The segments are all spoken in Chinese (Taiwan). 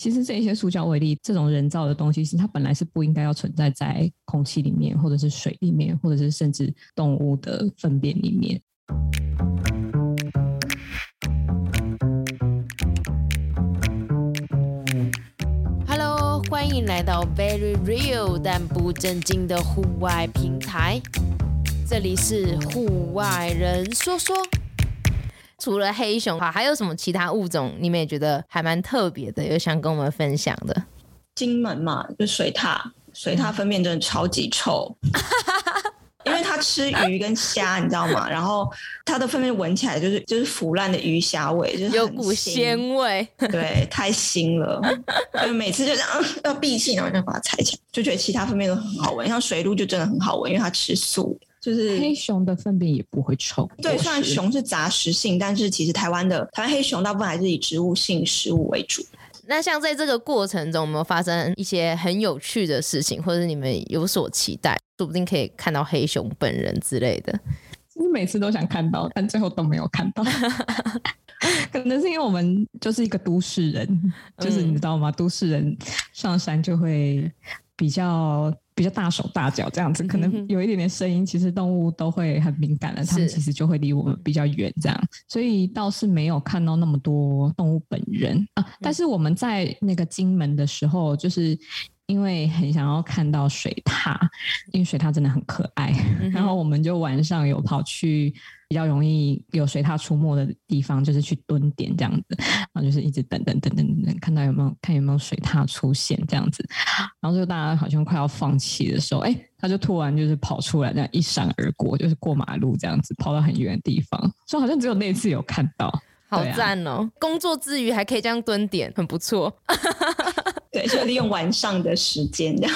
其實這一些塑膠微粒，這種人造的東西是它本來是不應該要存在在空氣裡面，或者是水裡面，或者是甚至動物的糞便裡面。Hello，歡迎來到 Very Real 但不正經的戶外平台，這裡是戶外人說說。除了黑熊啊，還有什麼其他物種？你們也覺得還蠻特別的，有想跟我們分享的？金門嘛，就水獺，水獺糞便真的超級臭， 因為它吃魚跟蝦，你知道嗎？然後它的糞便聞起來就是就是腐爛的魚蝦味，就是有股鮮味， 對，太腥了。每次就這樣、嗯、要閉氣，然後就把它踩起來，就覺得其他糞便都很好聞，像水鹿就真的很好聞，因為它吃素。就是黑熊的糞便也不會臭。對，雖然熊是雜食性，但是其實台灣的台灣黑熊大部分還是以植物性食物為主。那像在這個過程中，有沒有發生一些很有趣的事情，或者是你們有所期待，說不定可以看到黑熊本人之類的？其實每次都想看到，但最後都沒有看到。 可能是因為我們就是一個都市人，就是你知道嗎？嗯、都市人上山就會比較。比較大手大腳這樣子，可能有一點點聲音，嗯、哼其實動物都會很敏感的，它是們其實就會離我們比較遠，這樣，所以倒是沒有看到那麼多動物本人啊。嗯、但是我們在那個金門的時候，就是因為很想要看到水獺，因為水獺真的很可愛，嗯、哼然後我們就晚上有跑去。比較容易有水獺出沒的地方，就是去蹲點這樣子，然後就是一直等等等等等等，看到有沒有看有沒有水獺出現這樣子，然後就大家好像快要放棄的時候，哎、欸，他就突然就是跑出來，這樣一閃而過，就是過馬路這樣子，跑到很遠的地方。所以好像只有那一次有看到，啊、好讚哦、喔！工作之餘還可以這樣蹲點，很不錯。 對，就利用晚上的時間這樣。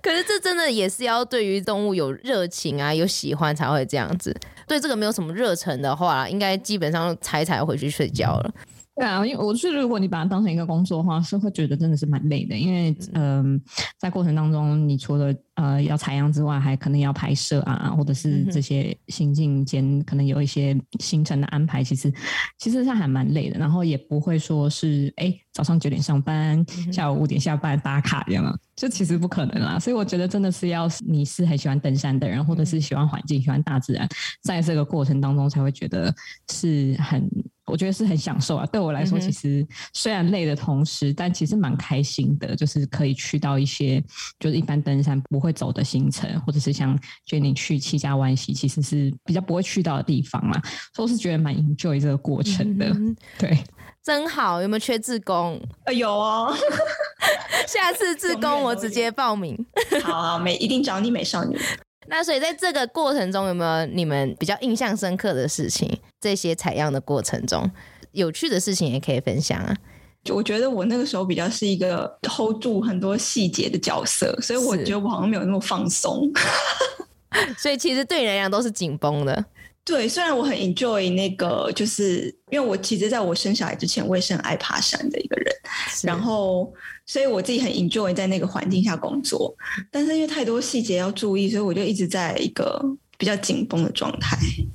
可是這真的也是要對於動物有熱情啊，有喜歡才會這樣子。對這個沒有什麼熱忱的話，應該基本上踩踩回去睡覺了。對啊，因為我是如果你把它當成一個工作的話，是會覺得真的是蠻累的。因為嗯、呃，在過程當中，你除了呃要採樣之外，還可能要拍攝啊，或者是這些行進間可能有一些行程的安排，其實其實它還蠻累的。然後也不會說是哎早上九點上班，下午五點下班打卡這樣了，這其實不可能啦。所以我覺得真的是要你是很喜歡登山的人，或者是喜歡環境、喜歡大自然，在這個過程當中才會覺得是很。我覺得是很享受啊！對我來說，其實雖然累的同時，嗯、哼但其實蠻開心的，就是可以去到一些就是一般登山不會走的行程，或者是像 j 你去七家灣溪，其實是比較不會去到的地方嘛，所以我是覺得蠻 enjoy 這個過程的。嗯、哼對，真好！有沒有缺自工、呃？有哦， 下次自工我直接報名。遠遠好好，美一定找你美少女。那所以在這個過程中，有沒有你們比較印象深刻的事情？這些採樣的過程中，有趣的事情也可以分享啊。我覺得我那個時候比較是一個 hold 住很多細節的角色，所以我覺得我好像沒有那麼放鬆。 所以其實對人來講都是緊繃的。對，雖然我很 enjoy 那個，就是因為我其實在我生小孩之前，我也是很愛爬山的一個人，是然後所以我自己很 enjoy 在那個環境下工作，嗯、但是因為太多細節要注意，所以我就一直在一個比較緊繃的狀態。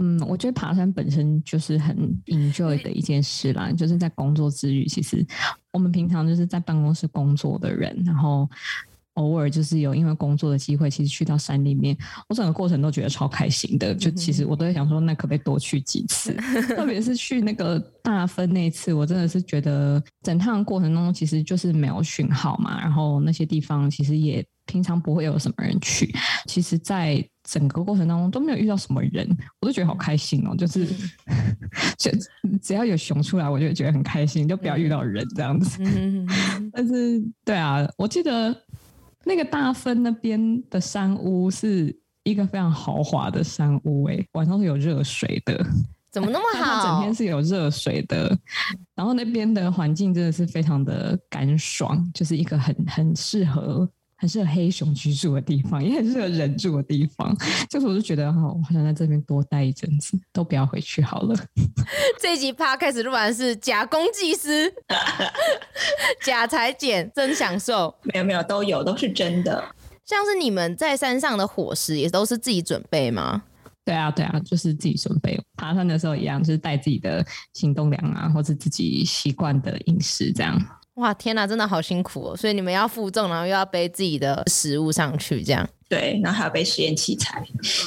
嗯，我覺得爬山本身就是很 enjoy 的一件事啦，嗯、就是在工作之餘，其實我們平常就是在辦公室工作的人，然後。偶爾就是有因為工作的機會，其實去到山裡面，我整個過程都覺得超開心的。就其實我都在想說，那可不可以多去幾次？特別是去那個大分那一次，我真的是覺得整趟過程中其實就是沒有訊號嘛，然後那些地方其實也平常不會有什麼人去。其實，在整個過程當中都沒有遇到什麼人，我都覺得好開心哦。就是只、嗯、 只要有熊出來，我就覺得很開心，就不要遇到人這樣子。嗯、 但是，對啊，我記得。那個大分那邊的山屋是一個非常豪華的山屋，欸，誒，晚上是有熱水的，怎麼那麼好？它整天是有熱水的，然後那邊的環境真的是非常的乾爽，就是一個很很適合。很適合黑熊居住的地方，也很適合人住的地方。就是我就覺得哈，我好想在這邊多待一陣子，都不要回去好了。這一集 Podcast 錄完是假公濟私， 假裁剪，真享受。沒有沒有，都有都是真的。像是你們在山上的伙食也都是自己準備嗎？對啊對啊，就是自己準備，爬山的時候一樣，就是帶自己的行動糧啊，或者是自己習慣的飲食這樣。哇天吶、啊，真的好辛苦哦！所以你們要負重，然後又要背自己的食物上去，這樣對，然後還要背實驗器材。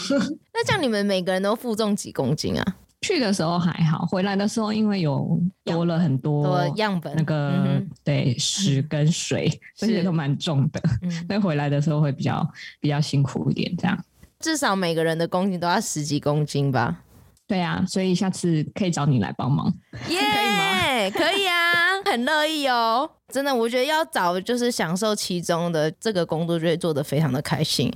那這樣你們每個人都負重幾公斤啊？去的時候還好，回來的時候因為有多了很多，樣，多了樣本，那個、嗯、哼對，屎跟水這些、嗯、哼都蠻重的，那、嗯、回來的時候會比較比較辛苦一點。這樣至少每個人的公斤都要十幾公斤吧？對啊，所以下次可以找你來幫忙，Yeah! 可以嗎？可以啊。 很樂意哦，真的，我覺得要找就是享受其中的這個工作，就會做得非常的開心。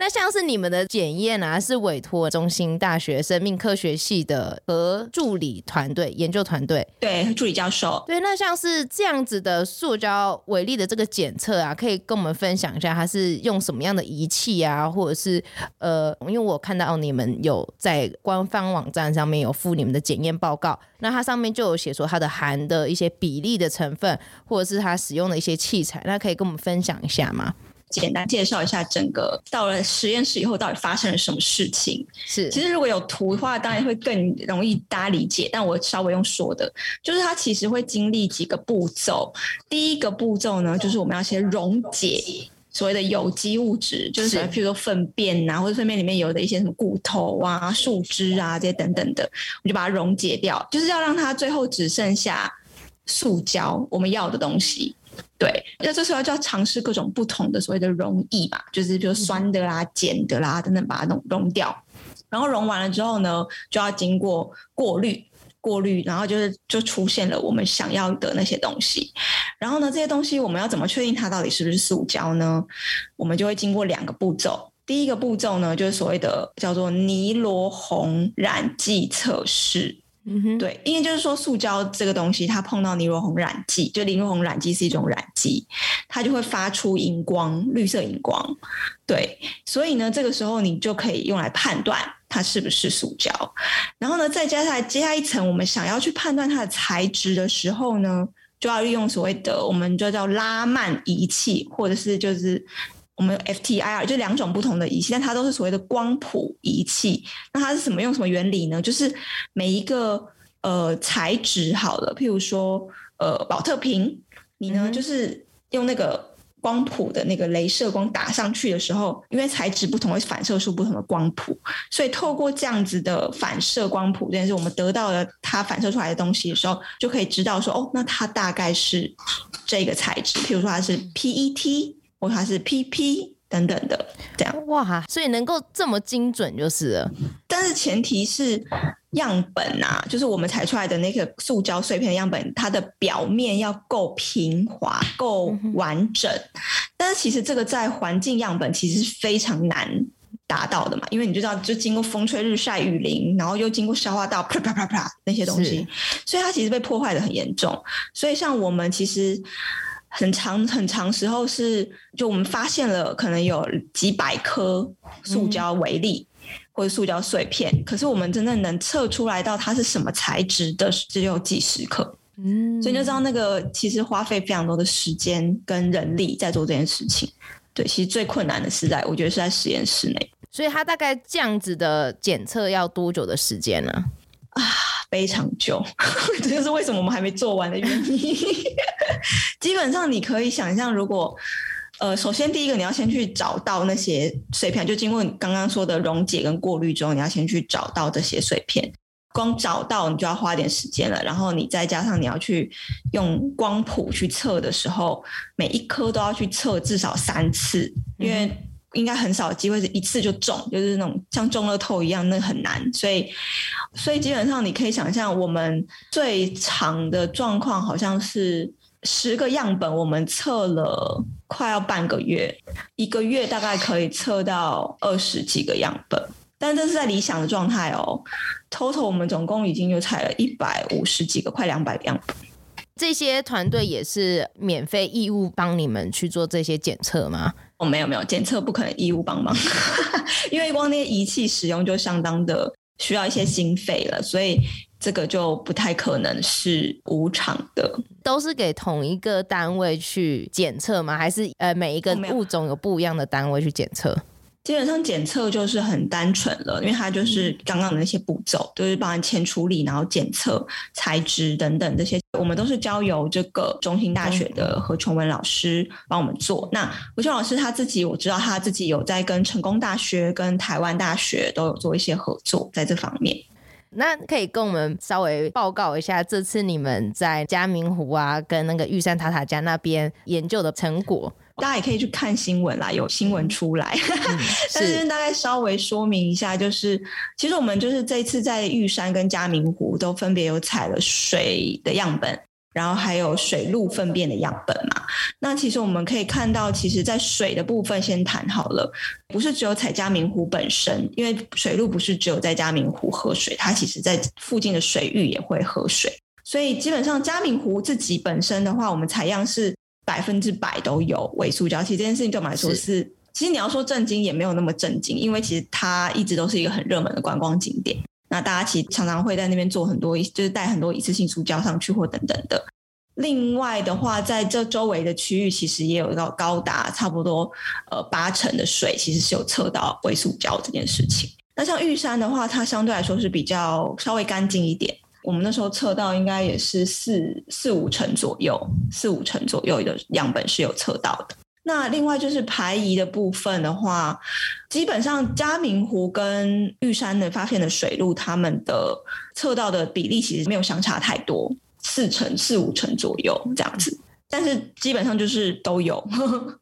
那像是你們的檢驗啊，是委托中興大學生命科學系的和助理團隊研究團隊，對，助理教授，對。那像是這樣子的塑膠微粒的這個檢測啊，可以跟我們分享一下，它是用什麼樣的儀器啊，或者是呃，因為我看到你們有在官方網站上面有附你們的檢驗報告，那它上面就有寫說它的含的一些比例的成分，或者是它使用的一些器材，那可以跟我們分享一下嗎？簡單介紹一下整個到了實驗室以後到底發生了什麼事情。是，其實如果有圖的話，當然會更容易大家理解。但我稍微用說的就是，它其實會經歷幾個步驟。第一個步驟呢，就是我們要先溶解所謂的有機物質，是，就是比如說糞便啊，或者糞便裡面有的一些什麼骨頭啊、樹枝啊這些等等的，我們就把它溶解掉，就是要讓它最後只剩下塑膠，我們要的東西。對，那這時候就要嘗試各種不同的所謂的溶液吧，就是就酸的啦、鹼、嗯、的啦等等，把它弄溶掉。然後溶完了之後呢，就要經過過濾，過濾，然後就是就出現了我們想要的那些東西。然後呢，這些東西我們要怎麼確定它到底是不是塑膠呢？我們就會經過兩個步驟，第一個步驟呢，就是所謂的叫做尼羅紅染劑測試。嗯、對，因為就是說，塑膠這個東西，它碰到尼羅紅染劑，就尼羅紅染劑是一種染劑，它就會發出熒光，綠色熒光。對，所以呢，這個時候你就可以用來判斷它是不是塑膠。然後呢，再加上來，接下一層，我們想要去判斷它的材質的時候呢，就要利用所謂的，我們就叫拉曼儀器，或者是就是。我們 FTIR 就兩種不同的儀器，但它都是所謂的光譜儀器。那它是什麼，用什麼原理呢？就是每一個呃材質，好了，譬如說呃寶特瓶，你呢、嗯、哼就是用那個光譜的那個鐳射光打上去的時候，因為材質不同會反射出不同的光譜，所以透過這樣子的反射光譜，這、就是我們得到了它反射出來的東西的時候，就可以知道說哦，那它大概是這個材質，譬如說它是 PET。我它是 PP 等等的。這樣哇，所以能夠這麼精準就是了？但是前提是樣本啊，就是我們採出來的那個塑膠碎片的樣本，它的表面要夠平滑，夠完整。嗯、哼但是其實這個在環境樣本其實是非常難達到的嘛，因為你就知道，就經過風吹日曬雨淋，然後又經過消化道啪啪啪啪、啪、啪那些東西，是所以它其實被破壞的很嚴重。所以像我們其實。很長很長時候是，就我們發現了可能有幾百顆塑膠微粒，或者塑膠碎片，嗯、可是我們真正能測出來到它是什麼材質的，只有幾十顆。嗯，所以就知道那個其實花費非常多的時間跟人力在做這件事情。對，其實最困難的是在，我覺得是在實驗室內。所以它大概這樣子的檢測要多久的時間呢？啊。非常久，這就是為什麼我們還沒做完的原因。 基本上你可以想象如果呃，首先第一個你要先去找到那些碎片，就經過你剛剛說的溶解跟過濾之後，你要先去找到這些碎片。光找到你就要花點時間了，然後你再加上你要去用光譜去測的時候，每一顆都要去測至少三次，因為、嗯。應該很少機會是一次就中，就是那種像中了透一樣，那很難。所以，所以基本上你可以想象，我們最長的狀況好像是十個樣本，我們測了快要半個月，一個月大概可以測到二十幾個樣本。但這是在理想的狀態哦。Total，我們總共已經有採了一百五十幾個，快兩百個樣本。這些團隊也是免費義務幫你們去做這些檢測嗎？沒有、哦、沒有，檢測不可能義務幫忙。 因為光那些儀器使用就相當的需要一些心肺了，所以這個就不太可能是無償的。都是給同一個單位去檢測嗎？還是呃，每一個物種有不一樣的單位去檢測？哦，基本上檢測就是很單純了，因為它就是剛剛的那些步驟，就是包含前處理，然後檢測、材質等等這些，我們都是交由這個中興大學的何瓊文老師幫我們做。那何瓊老師他自己，我知道他自己有在跟成功大學、跟台灣大學都有做一些合作在這方面。那可以跟我們稍微報告一下，這次你們在嘉明湖啊，跟那個玉山塔塔加那邊研究的成果。大家也可以去看新聞啦，有新聞出來。 但是大概稍微說明一下，就是、嗯、是其實我們就是這次在玉山跟嘉明湖都分別有採了水的樣本，然後還有水鹿糞便的樣本嘛。那其實我們可以看到，其實，在水的部分先談好了，不是只有採嘉明湖本身，因為水鹿不是只有在嘉明湖喝水，它其實在附近的水域也會喝水。所以基本上嘉明湖自己本身的話，我們採樣是。百分之百都有微塑膠，其實這件事情對我們來說是，是其實你要說震驚也沒有那麼震驚，因為其實它一直都是一個很熱門的觀光景點，那大家其實常常會在那邊做很多，就是帶很多一次性塑膠上去或等等的。另外的話，在這周圍的區域，其實也有一個高達差不多呃八成的水，其實是有測到微塑膠這件事情。那像玉山的話，它相對來說是比較稍微乾淨一點。我們那時候測到應該也是四四五成左右，四五成左右的樣本是有測到的。那另外就是排遺的部分的話，基本上嘉明湖跟玉山的發現的水路，他們的測到的比例其實沒有相差太多，四成四五成左右這樣子。但是基本上就是都有，呵呵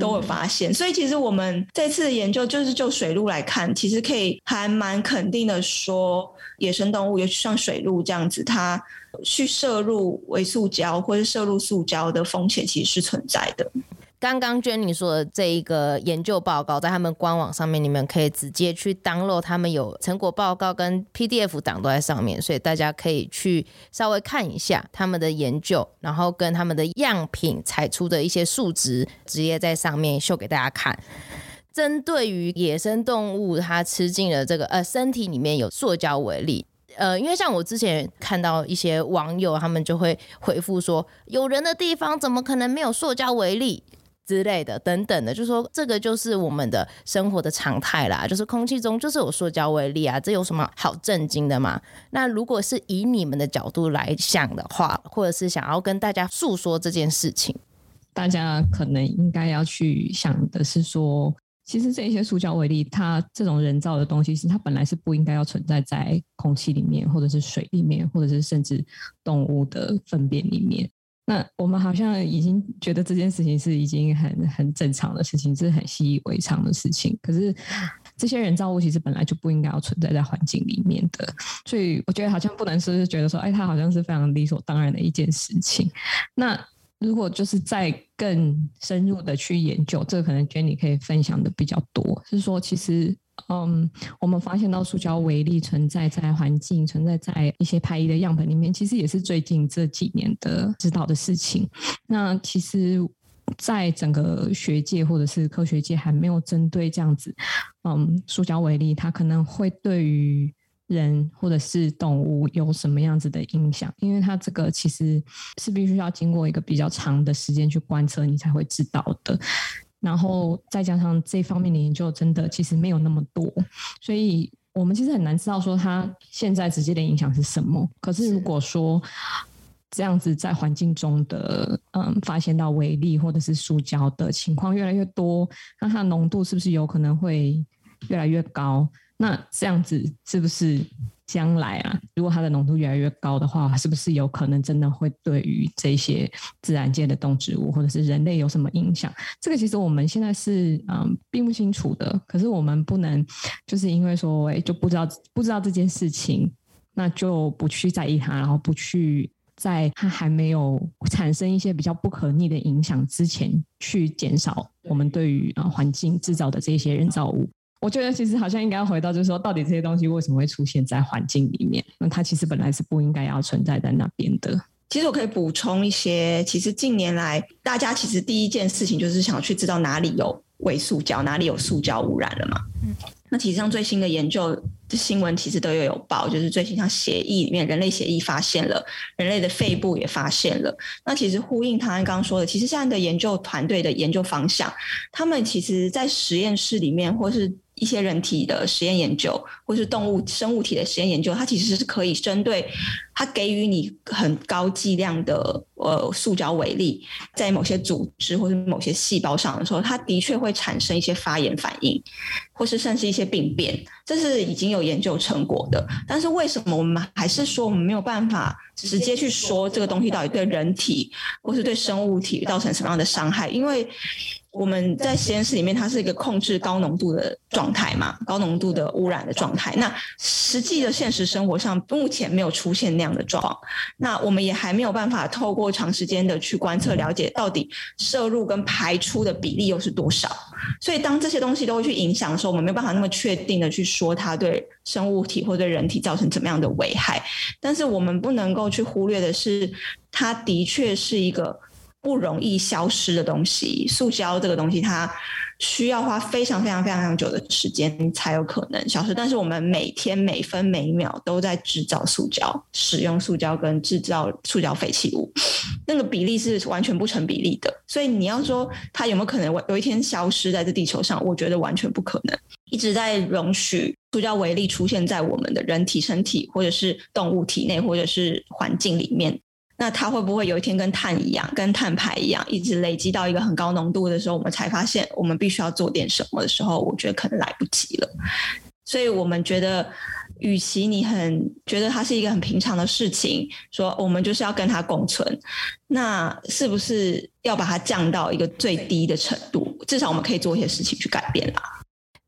都有發現。嗯。所以其實我們這次的研究就是就水路來看，其實可以還蠻肯定的說。野生動物，尤其像水鹿這樣子，它去攝入微塑膠或者攝入塑膠的風險其實是存在的。剛剛 Jenny 說的這一個研究報告，在他們官網上面，你們可以直接去 download，他們有成果報告跟 PDF 檔都在上面，所以大家可以去稍微看一下他們的研究，然後跟他們的樣品採出的一些數值，直接在上面秀給大家看。針對於野生動物，它吃進了這個呃身體裡面有塑膠微粒。呃，因為像我之前看到一些網友，他們就會回復說，有人的地方怎麼可能沒有塑膠微粒？之類的等等的，就說這個就是我們的生活的常態啦，就是空氣中就是有塑膠微粒啊，這有什麼好震驚的嘛？那如果是以你們的角度來想的話，或者是想要跟大家訴說這件事情，大家可能應該要去想的是說，其實這一些塑膠微粒，它這種人造的東西是它本來是不應該要存在在空氣裡面，或者是水裡面，或者是甚至動物的糞便裡面。那我們好像已經覺得這件事情是已經很很正常的事情，是很習以為常的事情。可是這些人造物其實本來就不應該要存在在環境裡面的，所以我覺得好像不能說是，是覺得說，哎，它好像是非常理所當然的一件事情。那如果就是再更深入的去研究，這可能 Jenny 可以分享的比較多，是說，其實，嗯，我們發現到塑膠微粒存在在環境，存在在一些排遺的樣本裡面，其實也是最近這幾年的知道的事情。那其實，在整個學界或者是科學界，還沒有針對這樣子，嗯，塑膠微粒它可能會對於人或者是動物有什麼樣子的影響？因為它這個其實是必須要經過一個比較長的時間去觀測，你才會知道的。然後再加上這方面的研究，真的其實沒有那麼多，所以我們其實很難知道說它現在直接的影響是什麼。可是如果說這樣子在環境中的嗯發現到微粒或者是塑膠的情況越來越多，那它的濃度是不是有可能會越來越高？那這樣子是不是將來啊？如果它的濃度越來越高的話，是不是有可能真的會對於這些自然界的動植物或者是人類有什麼影響？這個其實我們現在是嗯並不清楚的。可是我們不能就是因為說哎、欸、就不知道，不知道這件事情，那就不去在意它，然後不去在它還沒有產生一些比較不可逆的影響之前，去減少我們對於對啊環境製造的這一些人造物。我覺得其實好像應該要回到，就是說，到底這些東西為什麼會出現在環境裡面？那它其實本來是不應該要存在在那邊的。其實我可以補充一些，其實近年來大家其實第一件事情就是想去知道哪裡有微塑膠，哪裡有塑膠污染了嘛。嗯。那其實像最新的研究這新聞，其實都有有報，就是最新像血液裡面，人類血液發現了，人類的肺部也發現了。那其實呼應唐安剛剛說的，其實現在的研究團隊的研究方向，他們其實，在實驗室裡面或是一些人體的實驗研究，或是動物生物體的實驗研究，它其實是可以針對它給予你很高劑量的呃塑膠微粒，在某些組織或者某些細胞上的時候，它的確會產生一些發炎反應，或是甚至一些病變，這是已經有研究成果的。但是為什麼我們還是說我們沒有辦法直接去說這個東西到底對人體或是對生物體造成什麼樣的傷害？因為我們在實驗室裡面，它是一個控制高濃度的狀態嘛，高濃度的污染的狀態。那實際的現實生活上，目前沒有出現那樣的狀況。那我們也還沒有辦法透過長時間的去觀測，了解到底攝入跟排出的比例又是多少。所以當這些東西都會去影響的時候，我們沒有辦法那麼確定的去說它對生物體或對人體造成怎麼樣的危害。但是我們不能夠去忽略的是，它的確是一個。不容易消失的東西，塑膠這個東西，它需要花非常非常非常非常久的時間才有可能消失。但是我們每天每分每秒都在製造塑膠，使用塑膠跟製造塑膠廢棄物，那個比例是完全不成比例的。所以你要說它有沒有可能有一天消失在這地球上，我覺得完全不可能。一直在容許塑膠微粒出現在我們的人體身體，或者是動物體內，或者是環境裡面。那它會不會有一天跟碳一樣，跟碳排一樣，一直累積到一個很高濃度的時候，我們才發現我們必須要做點什麼的時候，我覺得可能來不及了。所以，我們覺得，與其你很覺得它是一個很平常的事情，說我們就是要跟它共存，那是不是要把它降到一個最低的程度？至少我們可以做一些事情去改變啦。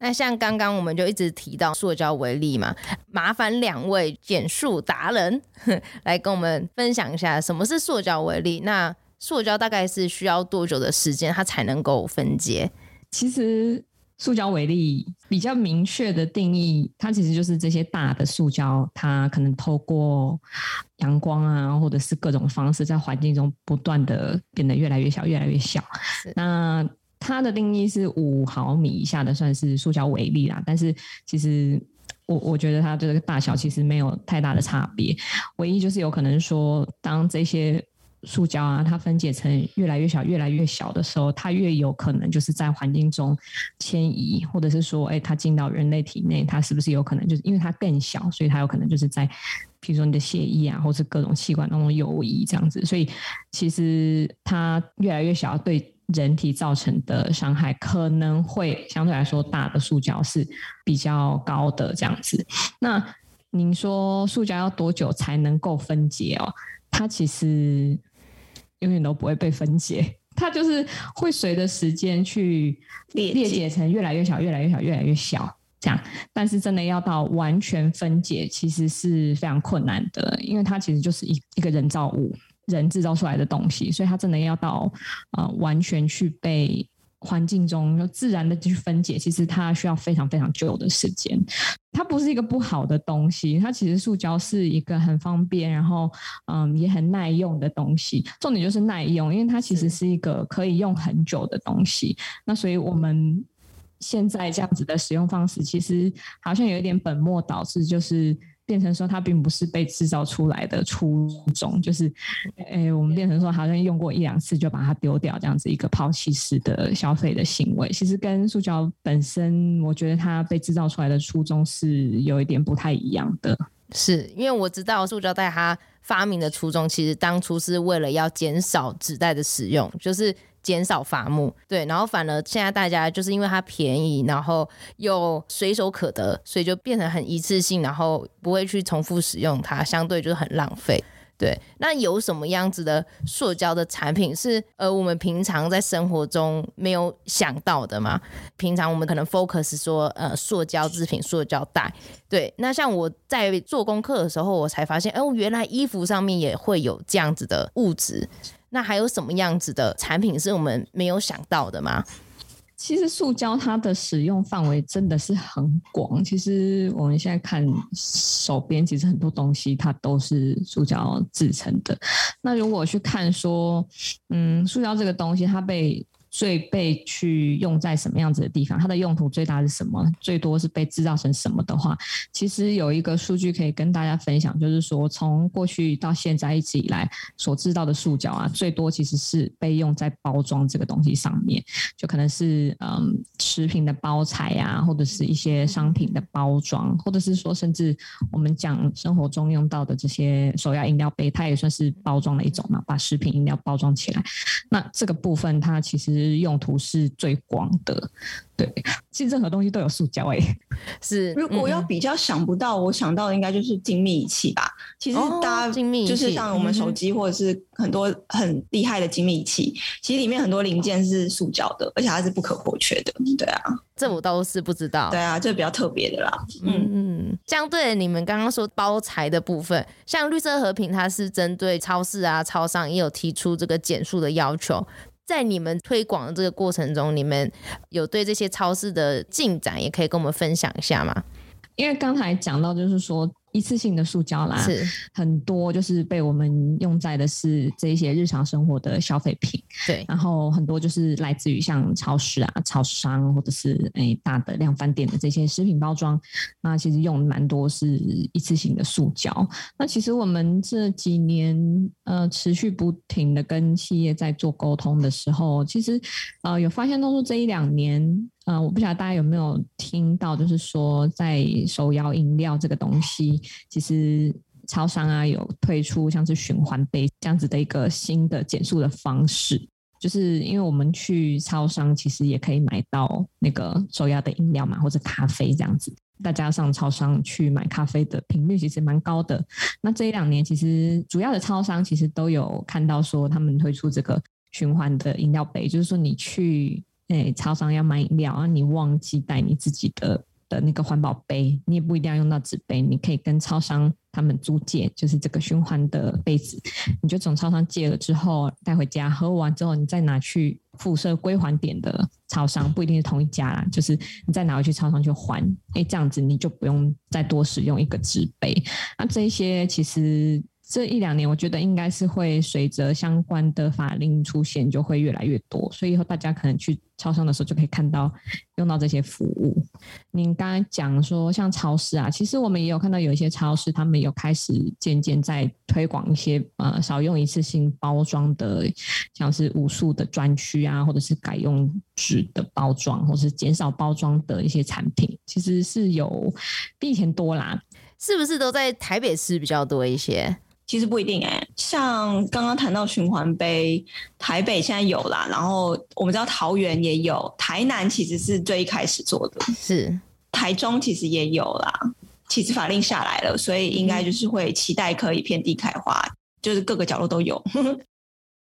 那像剛剛我們就一直提到塑膠微粒嘛，麻煩兩位減塑達人來跟我們分享一下什麼是塑膠微粒。那塑膠大概是需要多久的時間它才能夠分解？其實塑膠微粒比較明確的定義，它其實就是這些大的塑膠，它可能透過陽光啊，或者是各種方式，在環境中不斷的變得越來越小，越來越小。是那它的定義是五毫米以下的，算是塑膠微粒啦。但是其實我我覺得它這個大小其實沒有太大的差別，唯一就是有可能說，當這些塑膠啊，它分解成越來越小、越來越小的時候，它越有可能就是在環境中遷移，或者是說，誒、欸，它進到人類體內，它是不是有可能就是因為它更小，所以它有可能就是在，比如說你的血液啊，或是各種器官當中游移這樣子。所以其實它越來越小，對。人體造成的傷害可能會相對來說大的塑膠是比較高的這樣子。那您說塑膠要多久才能夠分解哦？它其實永遠都不會被分解，它就是會隨着時間去裂裂解成越來越小、越來越小、越來越小這樣。但是真的要到完全分解，其實是非常困難的，因為它其實就是一一個人造物。人製造出來的東西，所以它真的要到呃完全去被環境中就自然的去分解，其實它需要非常非常久的時間。它不是一個不好的東西，它其實塑膠是一個很方便，然後嗯也很耐用的東西。重點就是耐用，因為它其實是一個可以用很久的東西。是那所以我們現在這樣子的使用方式，其實好像有一點本末倒置，就是。變成說它並不是被製造出來的初衷，就是，哎、欸，我們變成說好像用過一兩次就把它丟掉，這樣子一個拋棄式的消費的行為，其實跟塑膠本身，我覺得它被製造出來的初衷是有一點不太一樣的。是因為我知道塑膠袋它發明的初衷，其實當初是為了要減少紙袋的使用，就是。減少伐木，對，然後反而現在大家就是因為它便宜，然後又隨手可得，所以就變成很一次性，然後不會去重複使用它，相對就是很浪費，對。那有什麼樣子的塑膠的產品是呃我們平常在生活中沒有想到的嗎？平常我們可能 focus 說呃塑膠製品、塑膠袋，對。那像我在做功課的時候，我才發現，哦，原來衣服上面也會有這樣子的物質。那還有什麼樣子的產品是我們沒有想到的嗎？其實塑膠它的使用範圍真的是很廣。其實我們現在看手邊，其實很多東西它都是塑膠制成的。那如果我去看說，嗯，塑膠這個東西它被。最被去用在什麼樣子的地方？它的用途最大是什麼？最多是被製造成什麼的話？其實有一個數據可以跟大家分享，就是說從過去到現在一直以來所製造的塑膠啊，最多其實是被用在包裝這個東西上面，就可能是嗯食品的包材啊，或者是一些商品的包裝，或者是說甚至我們講生活中用到的這些手搖飲料杯，它也算是包裝的一種嘛，把食品飲料包裝起來。那這個部分它其實。用途是最廣的，對，其實任何東西都有塑膠哎、欸。是，嗯、如果要比較想不到，我想到的應該就是精密儀器吧。其實大家、哦，就是像我們手機，或者是很多很厲害的精密儀器，其實裡面很多零件是塑膠的，而且它是不可或缺的。對啊，這我倒是不知道。對啊，就比較特別的啦。嗯嗯，相、嗯、對你們剛剛說包材的部分，像綠色和平，它是針對超市啊、超商也有提出這個減塑的要求。在你們推廣的這個過程中，你們有對這些超市的進展，也可以跟我們分享一下嗎？因為剛才講到，就是說。一次性的塑膠啦，是很多就是被我們用在的是這一些日常生活的消費品，對，然後很多就是來自於像超市啊、超商或者是誒大的量販店，的這些食品包裝，那其實用蠻多的是一次性的塑膠。那其實我們這幾年呃持續不停的跟企業在做溝通的時候，其實呃有發現到說這一兩年。呃，我不曉得大家有沒有聽到，就是說在手搖飲料這個東西，其實超商啊有推出像是循環杯這樣子的一個新的減塑的方式。就是因為我們去超商，其實也可以買到那個手搖的飲料嘛，或者咖啡這樣子。大家上超商去買咖啡的頻率其實蠻高的。那這一兩年，其實主要的超商其實都有看到說，他們推出這個循環的飲料杯，就是說你去。誒、欸，超商要買飲料啊，然後你忘記帶你自己的的那個環保杯，你也不一定要用到紙杯，你可以跟超商他們租借，就是這個循環的杯子，你就從超商借了之後帶回家，喝完之後你再拿去輻射歸還點的超商，不一定是同一家啦，就是你再拿回去超商去還。誒、欸，這樣子你就不用再多使用一個紙杯。那這些其實這一兩年，我覺得應該是會隨着相關的法令出現，就會越來越多，所以以後大家可能去。超商的時候就可以看到用到這些服務。您剛才講說像超市啊，其實我們也有看到有一些超市，他們有開始漸漸在推廣一些呃少用一次性包裝的，像是無塑的專區啊，或者是改用紙的包裝，或是減少包裝的一些產品，其實是有比以前多啦。是不是都在台北市比較多一些？其實不一定哎、欸，像剛剛談到循環杯，台北現在有啦，然後我們知道桃園也有，台南其實是最一開始做的，是，台中其實也有啦。其實法令下來了，所以應該就是會期待可以遍地開花，嗯、就是各個角落都有，呵呵，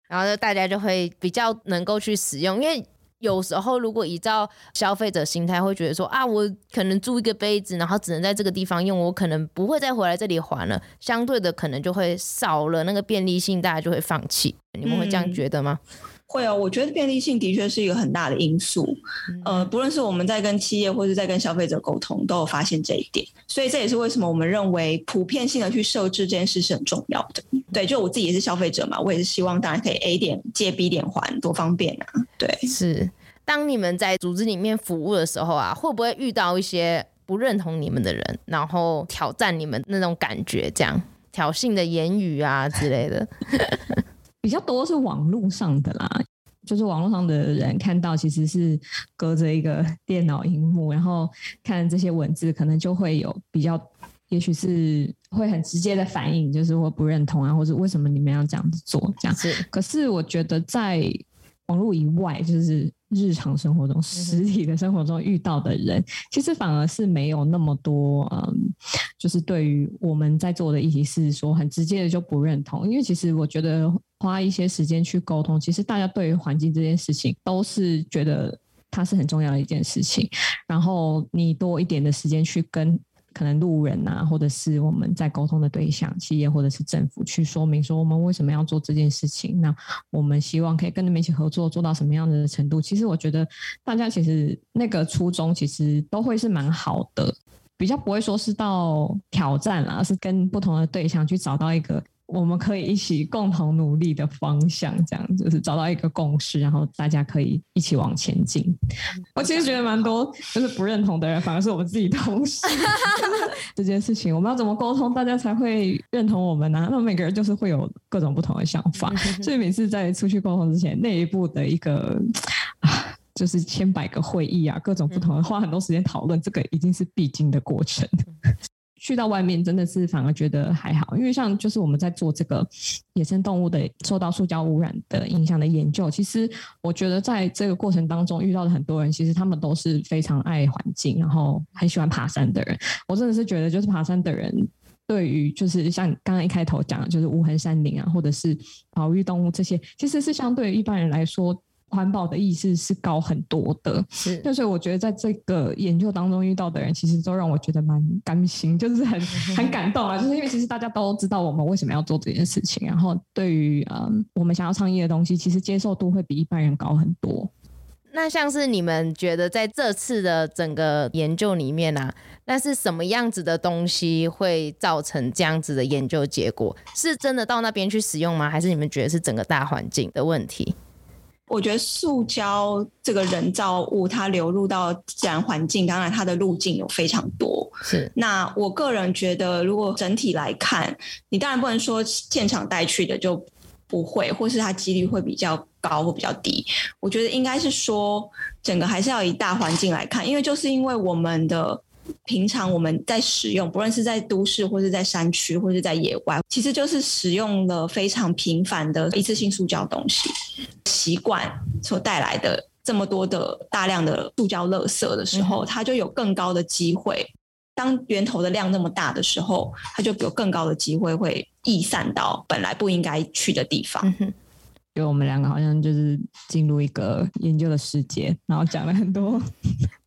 然後就大家就會比較能夠去使用，因為。有時候，如果依照消費者心態，會覺得說啊，我可能租一個杯子，然後只能在這個地方用，我可能不會再回來這裡還了。相對的，可能就會少了那個便利性，大家就會放棄。你們會這樣覺得嗎？嗯。會啊、哦，我覺得便利性的確是一個很大的因素。嗯、呃，不論是我們在跟企業，或是在跟消費者溝通，都有發現這一點。所以這也是為什麼我們認為普遍性的去設置這件事是很重要的。對，就我自己也是消費者嘛，我也是希望大家可以 A 點借 B 點還，多方便啊。對，是。當你們在組織裡面服務的時候啊，會不會遇到一些不認同你們的人，然後挑戰你們那種感覺，這樣挑釁的言語啊之類的？ 比較多是網絡上的啦，就是網絡上的人看到，其實是隔着一個電腦熒幕，然後看這些文字，可能就會有比較，也許是會很直接的反應，就是我不認同啊，或者為什麼你們要這樣子做這樣子。可是我覺得在網絡以外，就是日常生活中、實體的生活中遇到的人，嗯、哼其實反而是沒有那麼多，嗯，就是對於我們在做的議題是說很直接的就不認同，因為其實我覺得。花一些時間去溝通，其實大家對於環境這件事情都是覺得它是很重要的一件事情。然後你多一點的時間去跟可能路人啊，或者是我們在溝通的對象、企業或者是政府去說明說我們為什麼要做這件事情。那我們希望可以跟他們一起合作，做到什麼樣的程度。其實我覺得大家其實那個初衷其實都會是蠻好的，比較不會說是到挑戰啊，而是跟不同的對象去找到一個我們可以一起共同努力的方向，這樣就是找到一個共識，然後大家可以一起往前進。嗯、我其實覺得蠻多，就是不認同的人， 反而是我們自己同事 這件事情，我們要怎麼溝通，大家才會認同我們呢、啊？那每個人就是會有各種不同的想法， 所以每次在出去溝通之前，內部的一個啊，就是千百個會議啊，各種不同的， 花很多時間討論，這個一定是必經的過程。去到外面真的是反而覺得還好，因為像就是我們在做這個野生動物的受到塑膠污染的影響的研究，其實我覺得在這個過程當中遇到的很多人，其實他們都是非常愛環境，然後很喜歡爬山的人。我真的是覺得，就是爬山的人對於就是像剛剛一開頭講的，就是無痕山林啊，或者是保育動物這些，其實是相對於一般人來說。環保的意識是高很多的，但是所以我覺得在這個研究當中遇到的人，其實都讓我覺得蠻甘心，就是很 很感動啊！就是因為其實大家都知道我們為什麼要做這件事情，然後對於嗯我們想要創業的東西，其實接受度會比一般人高很多。那像是你們覺得在這次的整個研究裡面啊，那是什麼樣子的東西會造成這樣子的研究結果？是真的到那邊去使用嗎？還是你們覺得是整個大環境的問題？我覺得塑膠這個人造物，它流入到自然環境，當然它的路徑有非常多。是，那我個人覺得，如果整體來看，你當然不能說現場帶去的就不會，或是它幾率會比較高或比較低。我覺得應該是說，整個還是要以大環境來看，因為就是因為我們的。平常我們在使用，不論是在都市或是在山區或是在野外，其實就是使用了非常頻繁的一次性塑膠東西習慣所帶來的這麼多的大量的塑膠垃圾的時候，嗯、哼它就有更高的機會。當源頭的量那麼大的時候，它就有更高的機會會逸散到本來不應該去的地方。嗯給我們兩個好像就是進入一個研究的世界，然後講了很多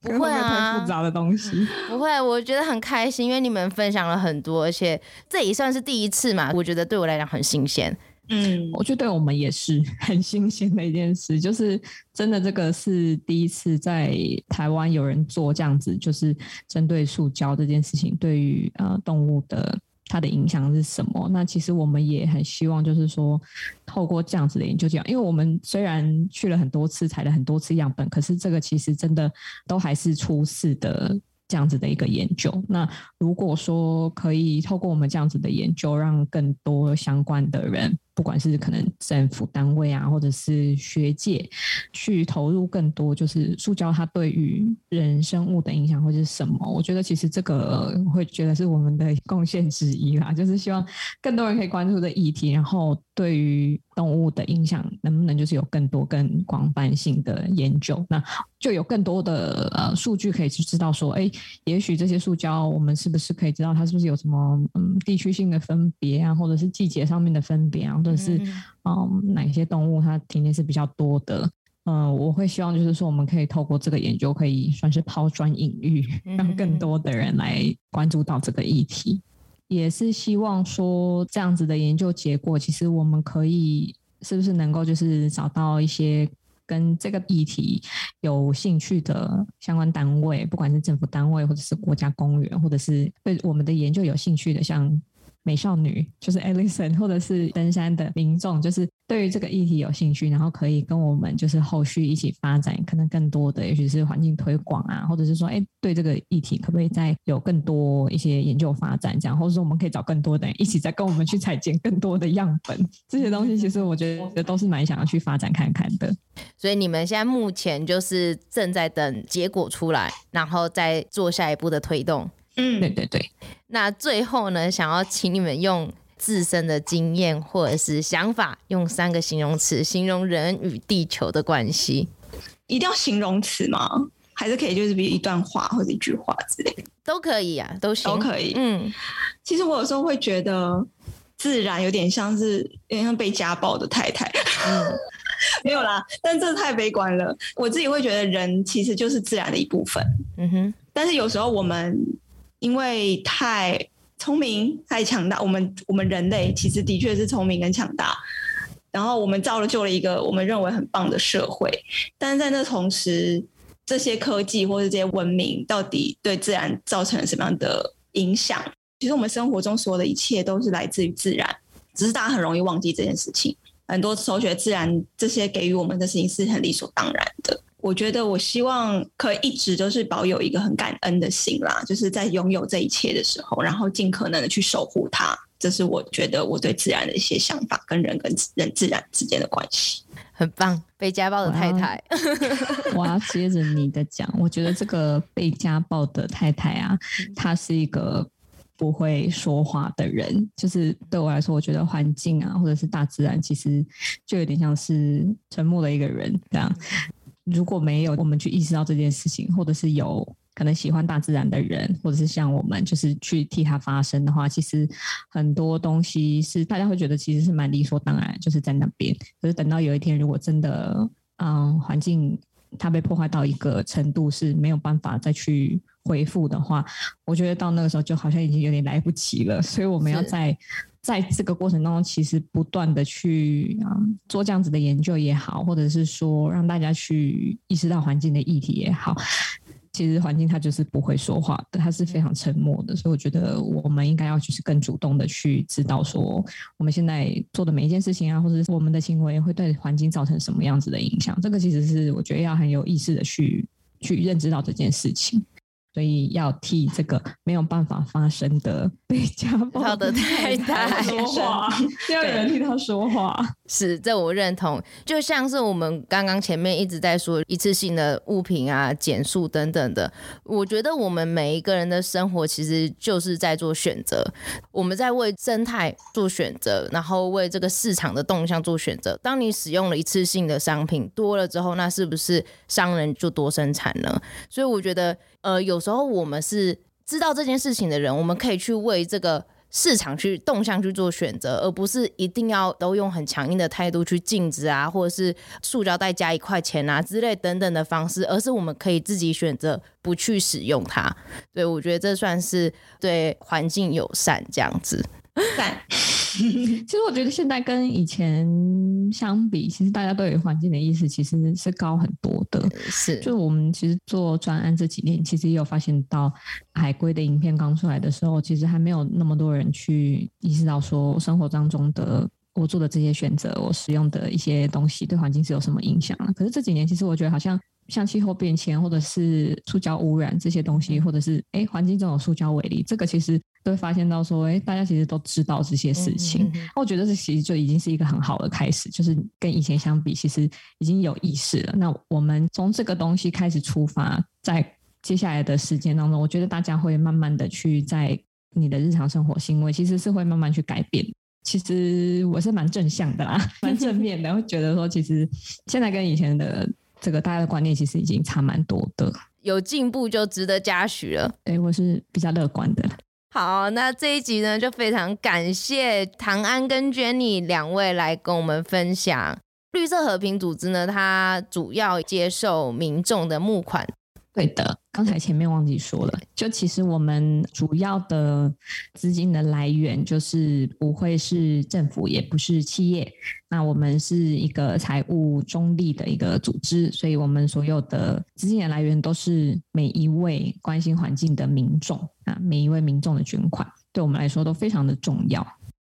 不會啊 會太複雜的東西，不會，我覺得很開心，因為你們分享了很多，而且這也算是第一次嘛，我覺得對我來講很新鮮。嗯，我覺得對我們也是很新鮮的一件事，就是真的這個是第一次在台灣有人做這樣子，就是針對塑膠這件事情對於呃動物的。它的影響是什麼？那其實我們也很希望，就是說，透過這樣子的研究，這樣，因為我們雖然去了很多次，採了很多次樣本，可是這個其實真的都還是初試的這樣子的一個研究。那如果說可以透過我們這樣子的研究，讓更多相關的人。不管是可能政府單位啊，或者是學界，去投入更多，就是塑膠它對於人生物的影響或者是什麼，我覺得其實這個會覺得是我們的貢獻之一啦，就是希望更多人可以關注的議題，然後。對於動物的影響，能不能就是有更多更廣泛性的研究？那就有更多的呃數據可以去知道說，哎，也許這些塑膠，我們是不是可以知道它是不是有什麼嗯地區性的分別啊，或者是季節上面的分別啊，或者是嗯、呃、哪些動物它體內是比較多的？嗯、呃，我會希望就是說，我們可以透過這個研究，可以算是拋磚引玉，讓更多的人來關注到這個議題。也是希望說，這樣子的研究結果，其實我們可以是不是能夠就是找到一些跟這個議題有興趣的相關單位，不管是政府單位，或者是國家公園，或者是對我們的研究有興趣的，像。美少女，就是 Alyson，或者是登山的民眾，就是對於這個議題有興趣，然後可以跟我們就是後續一起發展，可能更多的，也許是環境推廣啊，或者是說，哎、欸，對這個議題可不可以再有更多一些研究發展，這樣，或者說我們可以找更多的人一起再跟我們去採集更多的樣本，這些東西其實我覺得都是蠻想要去發展看看的。所以你們現在目前就是正在等結果出來，然後再做下一步的推動。嗯，對對對。那最後呢，想要請你們用自身的經驗或者是想法，用三個形容詞形容人與地球的關係。一定要形容詞嗎？還是可以就是比如一段話或者一句話之類，都可以啊，都行都可以。嗯，其實我有時候會覺得自然有點像是，有點像被家暴的太太。 沒有啦，但這太悲觀了。我自己會覺得人其實就是自然的一部分。嗯哼，但是有時候我們。因為太聰明、太強大，我們我們人類其實的確是聰明跟強大，然後我們造了就了一個我們認為很棒的社會，但是在那同時，這些科技或者這些文明到底對自然造成了什麼樣的影響？其實我們生活中所有的一切都是來自於自然，只是大家很容易忘記這件事情，很多時候覺得自然這些給予我們的事情是很理所當然的。我覺得我希望可以一直都是保有一個很感恩的心啦，就是在擁有這一切的時候，然後盡可能的去守護它。這是我覺得我對自然的一些想法，跟人跟人自然之間的關係。很棒，被家暴的太太。我要，我要接着你的講， 我覺得這個被家暴的太太啊，她是一個不會說話的人，就是對我來說，我覺得環境啊，或者是大自然，其實就有點像是沉默的一個人這樣。如果沒有我們去意識到這件事情，或者是有可能喜歡大自然的人，或者是像我們，就是去替它發聲的話，其實很多東西是大家會覺得其實是蠻理所當然，就是在那邊。可是等到有一天，如果真的，嗯，環境它被破壞到一個程度，是沒有辦法再去恢復的話，我覺得到那個時候就好像已經有點來不及了。所以我們要在。在這個過程中，其實不斷的去啊做這樣子的研究也好，或者是說讓大家去意識到環境的議題也好，其實環境它就是不會說話的，它是非常沉默的。所以我覺得我們應該要就是更主動的去知道說，我們現在做的每一件事情啊，或者是我們的行為會對環境造成什麼樣子的影響，這個其實是我覺得要很有意識的去去認知到這件事情。所以要替這個沒有辦法發生的被家暴的太太，太，太說話，是 要有人替他說話。對 是，這我認同。就像是我們剛剛前面一直在說一次性的物品啊、減塑等等的，我覺得我們每一個人的生活其實就是在做選擇，我們在為生態做選擇，然後為這個市場的動向做選擇。當你使用了一次性的商品多了之後，那是不是商人就多生產了？所以我覺得。呃，有時候我們是知道這件事情的人，我們可以去為這個市場去動向去做選擇，而不是一定要都用很強硬的態度去禁止啊，或者是塑膠袋加一塊錢啊之類等等的方式，而是我們可以自己選擇不去使用它。對，我覺得這算是對環境友善這樣子。 其實我覺得現在跟以前相比，其實大家對於環境的意識其實是高很多的。是，就是我們其實做專案這幾年，其實也有發現到海龜的影片剛出來的時候，其實還沒有那麼多人去意識到說，生活當中的我做的這些選擇，我使用的一些東西對環境是有什麼影響了。可是這幾年，其實我覺得好像。像氣候變遷或者是塑膠污染，這些東西，或者是哎，欸，環境中有塑膠微粒，這個其實都會發現到說，哎、欸，大家其實都知道這些事情。嗯嗯嗯。那我覺得這其實就已經是一個很好的開始，就是跟以前相比，其實已經有意識了。那我們從這個東西開始出發，在接下來的時間當中，我覺得大家會慢慢的去在你的日常生活行為，其實是會慢慢去改變。其實我是蠻正向的啦，蠻正面的，會 覺得說，其實現在跟以前的。這個大家的觀念其實已經差蠻多的，有進步就值得嘉許了。哎，我是比較樂觀的。好，那這一集呢，就非常感謝唐安跟 Jenny 兩位來跟我們分享。綠色和平組織呢，它主要接受民眾的募款。對的，剛才前面忘記說了，就其實我們主要的資金的來源就是不會是政府，也不是企業，那我們是一個財務中立的一個組織，所以我們所有的資金的來源都是每一位關心環境的民眾啊，每一位民眾的捐款，對我們來說都非常的重要。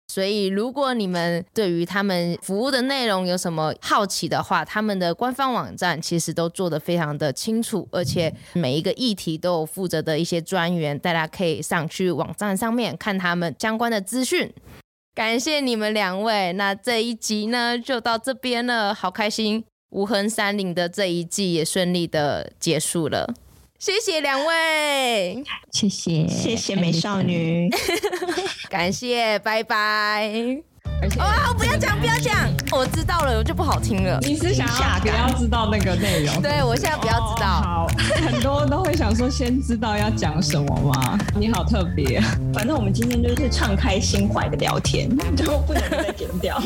所以，如果你們對於他們服務的內容有什麼好奇的話，他們的官方網站其實都做得非常的清楚，而且每一個議題都有負責的一些專員，大家可以上去網站上面看他們相關的資訊。感謝你們兩位，那這一集呢就到這邊了，好開心，無痕山林的這一季也順利的結束了。謝謝兩位，謝謝，謝謝美少女，感謝，拜拜。而且，不要講，不要講，我知道了，我就不好聽了。你是想要不要知道那個內容？對，我現在不要知道。好，很多人都會想說先知道要講什麼嗎？你好特別。反正我們今天就是敞開心懷的聊天，就不能再剪掉。